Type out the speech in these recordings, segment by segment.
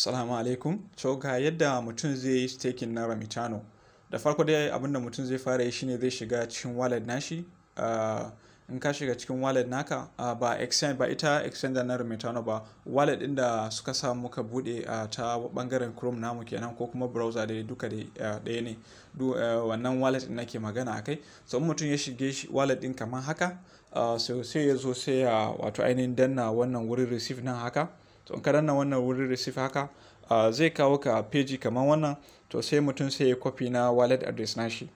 Assalamu alaikum. So yadda mutum zai yi staking na Ramitano. Da farko dai abinda mutum zai fara yi shine zai shiga cikin wallet nashi. Ah, in ka shiga cikin wallet naka ah, ba exchange ba ita exchange na Ramitano ba wallet din da suka sa muka bude ah, ta bangaren Chrome namu kenan ko kuma browser dai duka dai ɗaya ne. Eh, wannan wallet din nake magana akai. So mutum ya shige shi wallet din kamar haka. sai ya zo sai ya wato ainihin danna wannan wurin receive nan haka. to in ka danna wannan wurin receive haka zai kawo ka page kamar wannan to sai mutum sai ya copy na wallet address shi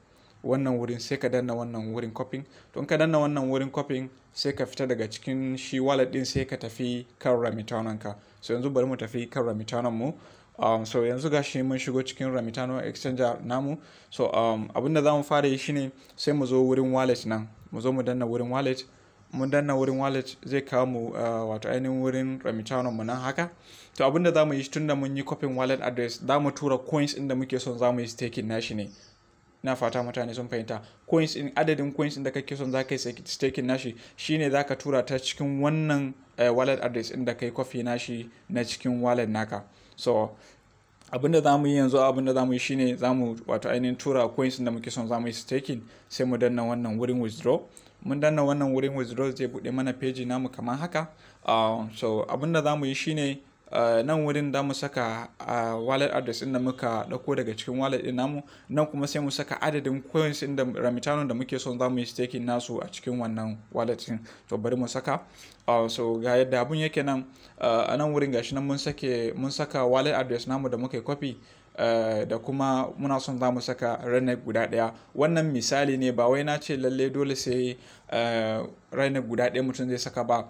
wannan wurin sai ka danna wannan wurin copy to in ka danna wannan wurin copy sai ka fita daga cikin shi wallet din sai ka tafi kan ramitanon ka so yanzu bari mu tafi kan ramitanon mu um, so yanzu gashi mun shigo cikin ramitano exchanger namu so um, abinda za mu fara yi shine sai mu zo wurin wallet nan mu zo mu danna wurin wallet mun danna wurin wallet zai kawo mu uh, wato ainihin wurin remittance mu nan haka to abinda za mu yi tun da mun yi copying wallet address za mu tura coins da muke son za mu yi staking nashi ne na fata mutane sun fahimta coins in adadin coins da kake son zaka yi staking nashi shine zaka tura ta cikin wannan uh, wallet address inda kai coffee nashi na cikin wallet naka so abinda za mu yi yanzu abinda za mu yi shine za mu wato ainihin tura coins da muke son za mu yi staking sai mu danna wannan wurin withdraw mun danna wannan wurin withdraw zai buɗe mana peji namu kamar haka ah, so abinda za mu yi shine ah, nan wurin da mu saka ah, wallet address ɗin da muka ɗauko daga cikin wallet ɗin namu nan kuma sai mu saka adadin coins ɗin da ramitano da muke son za mu yi staking nasu a cikin wannan wallet ɗin to bari mu saka so ga yadda abun yake nan a nan wurin gashi nan mun saka wallet address namu da muka yi copy Eh, da kuma muna son za mu saka ranar guda ɗaya wannan misali ne ba wai na ce lalle dole sai eh, ranar guda ɗaya mutum zai saka ba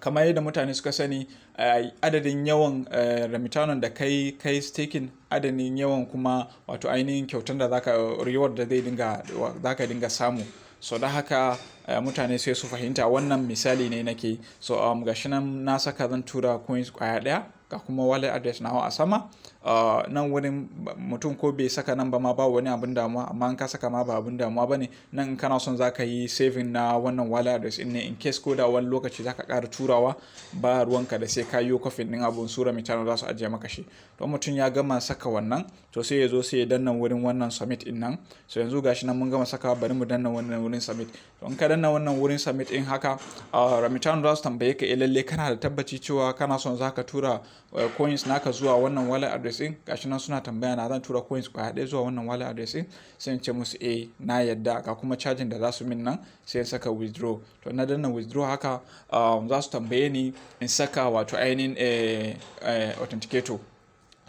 kamar yadda mutane suka sani eh, adadin yawan ramitanon da kai kai staking adadin yawan kuma wato ainihin kyautar da zaka reward da zai dinga zaka dinga samu so da haka mutane sai su fahimta wannan misali ne nake so um, gashi nan na saka zan tura coins kwaya daya ga kuma wallet address na a sama ah, nan wurin mutum ko bai saka nan ba ma ba wani abin damuwa amma in ka saka ma ba abin damuwa bane nan in kana son zaka yi saving na wannan wallet address In ne in case ko da wani lokaci zaka ƙara turawa ba ruwanka da sai ka yi kofin din abun sura tana za su ajiye maka shi to mutum ya gama saka wannan to sai ya zo sai ya danna wurin wannan submit din nan so yanzu gashi nan mun gama saka bari mu danna wannan wurin submit to in ka danna wannan wurin submit din haka ah, remitano za su tambaye ka eh, lalle kana da tabbaci cewa kana son ka tura Uh, coins naka zuwa wannan wallet address din gashi nan suna tambaya na zan tura coins kwaya ɗaya zuwa wannan wallet address din sai in ce musu eh na yadda ga kuma charging da za su min nan sai in saka withdraw to na danna withdraw haka um, za su tambaye ni in saka wato ainihin eh, eh, authenticator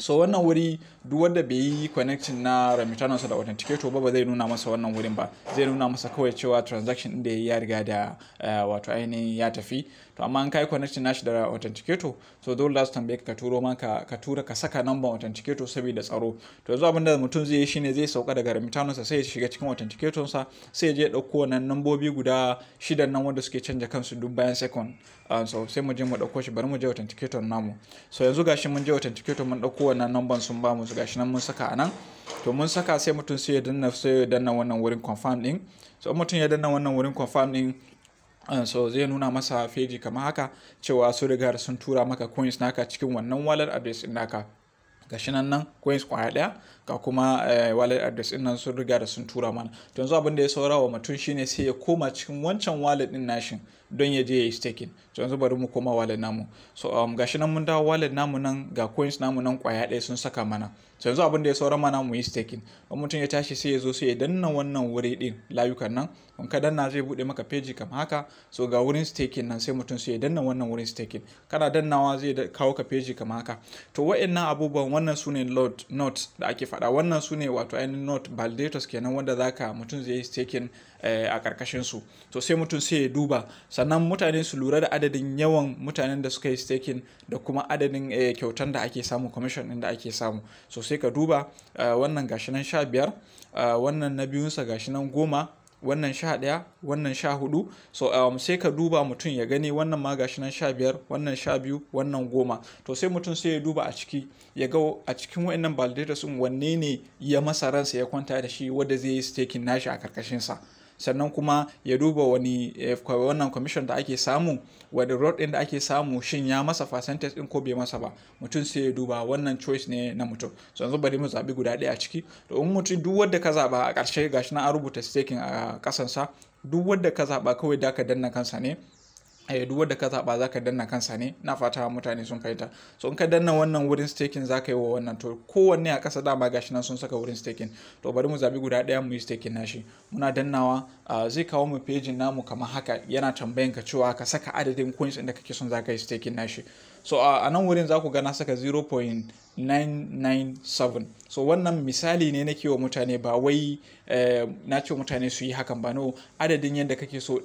so wannan wuri duk wanda bai yi connection na remittance da authenticator ba ba zai nuna masa wannan wurin ba zai nuna masa kawai cewa transaction da ya riga da eh, wato ainihin ya tafi to amma an kai connection nashi da authenticator so dole last time ka turo ma ka tura ka saka number authenticator saboda tsaro to yanzu abin da mutum zai yi shine zai sauka daga remittance sai ya shiga cikin authenticator sa sai ya je dauko wannan nambobi guda shidan nan wanda suke canja kansu duk bayan second ah, so sai mu je mu dauko shi bari mu je authenticator namu so yanzu gashi mun je authenticator mun dauko wannan numban sun ba mu gashi nan mun saka anan to mun saka sai mutum sai ya danna sai ya danna wannan wurin confirm din so mutum ya danna wannan wurin confirm din Uh, so zai nuna masa feji kamar haka cewa sun riga sun tura maka coins naka cikin wannan wallet address din naka gashi nan nan coins kwaya daya ga kuma uh, wallet address din nan sun riga da sun tura mana to yanzu abin da ya saurawa mutum shine sai ya koma cikin wancan wallet din nashin don ya je ya yi staking to yanzu bari mu koma wallet namu so um, gashi nan mun dawo wallet namu nan ga coins namu nan kwaya ɗaya sun saka mana to yanzu abin da ya saura mana mu yi staking don mutum ya tashi sai ya zo sai ya danna wannan wuri din layukan nan in ka danna zai buɗe maka peji kamar haka so ga wurin staking nan sai mutum sai ya danna wannan wurin staking kana dannawa zai kawo ka peji kamar haka to wa'annan abubuwan wannan su ne note da ake faɗa wannan su ne wato ainihin note validators kenan wanda zaka mutum zai yi staking Eh, a karkashin su to sai mutum sai ya duba sannan mutane su lura da adadin yawan mutanen da suka yi staking da kuma adadin eh, kyautan da ake samu commission din da ake samu so sai ka duba eh, wannan gashi nan sha biyar wannan na biyunsa gashi nan goma wannan sha ɗaya wannan sha hudu so um, sai ka duba mutum ya gani wannan ma gashi nan sha biyar wannan sha biyu wannan goma to sai mutum sai ya duba a ciki ya ga a cikin wa'annan validators wanne ne ya masa ransa ya kwanta da shi wanda zai yi staking nashi a karkashin sa sannan kuma ya duba wani eh, wannan commission da ake samu wani road din da ake samu shin ya masa percentage din ko bai masa ba mutum sai ya duba wannan choice ne na mutum so yanzu bari mu zabi guda ɗaya a ciki to in mutum duk wanda ka zaba a ƙarshe gashi na an rubuta staking a ƙasansa duk wanda ka zaba kawai da ka danna kansa ne Eh, duk wanda ka za zaka danna kansa ne na fata mutane sun fahimta so in ka danna wannan wurin staking ka yi wa wannan to kowanne a kasa dama gashi nan sun saka wurin staking to bari mu zaɓi guda ɗaya mu yi staking nashi muna dannawa zai kawo mu pejin namu kamar haka yana tambayan ka cewa ka saka adadin coins inda kake son za ka yi staking nashi so a nan wurin za ku gana saka 0.997 so wannan misali ne na wa mutane ba wai eh, na ce mutane su yi hakan ba no adadin yadda kake so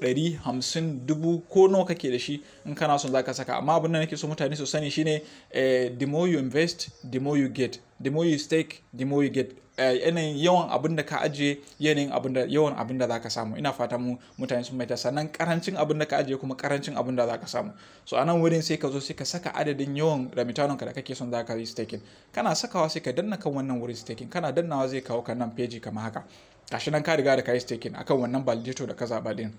hamsin dubu ko nawa kake da shi in kana son za ka saka amma abin da nake so mutane su sani shine eh, the more you invest the more you get the more you stake the more you get eh, yanayin yawan abin da ka ajiye yanayin abin da yawan abin da ka samu ina fata mu mutane sun maita sannan karancin abin da ka ajiye kuma karancin abin da za ka samu so a nan wurin sai ka zo sai ka saka adadin yawan ramitanonka da kake son za ka yi staking kana sakawa sai ka danna kan wannan wurin staking kana dannawa zai kawo kan nan page kamar haka gashi nan ka riga da ka yi staking akan wannan validator da ka zaba din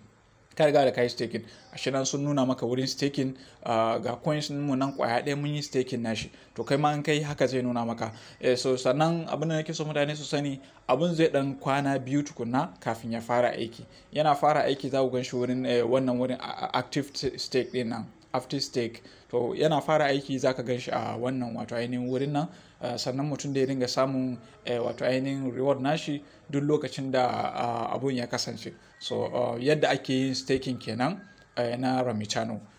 ka riga da kai staking ashe nan sun nuna maka wurin staking ga coins mu nan kwaya ɗaya mun yi staking nashi to kai ma an kai haka zai nuna maka eh, so sannan abin da nake so mutane su sani abin zai dan kwana biyu tukunna kafin ya fara aiki yana fara aiki za ku gan shi wurin eh, wannan wurin active stake din nan aftistic to yana fara aiki za ka gan shi a wannan wato ainihin wurin nan eh, sannan mutum da ya dinga samun eh, wato ainihin reward nashi duk lokacin da ah, abun ya kasance so oh, yadda ake yin staking kenan eh, na ramichano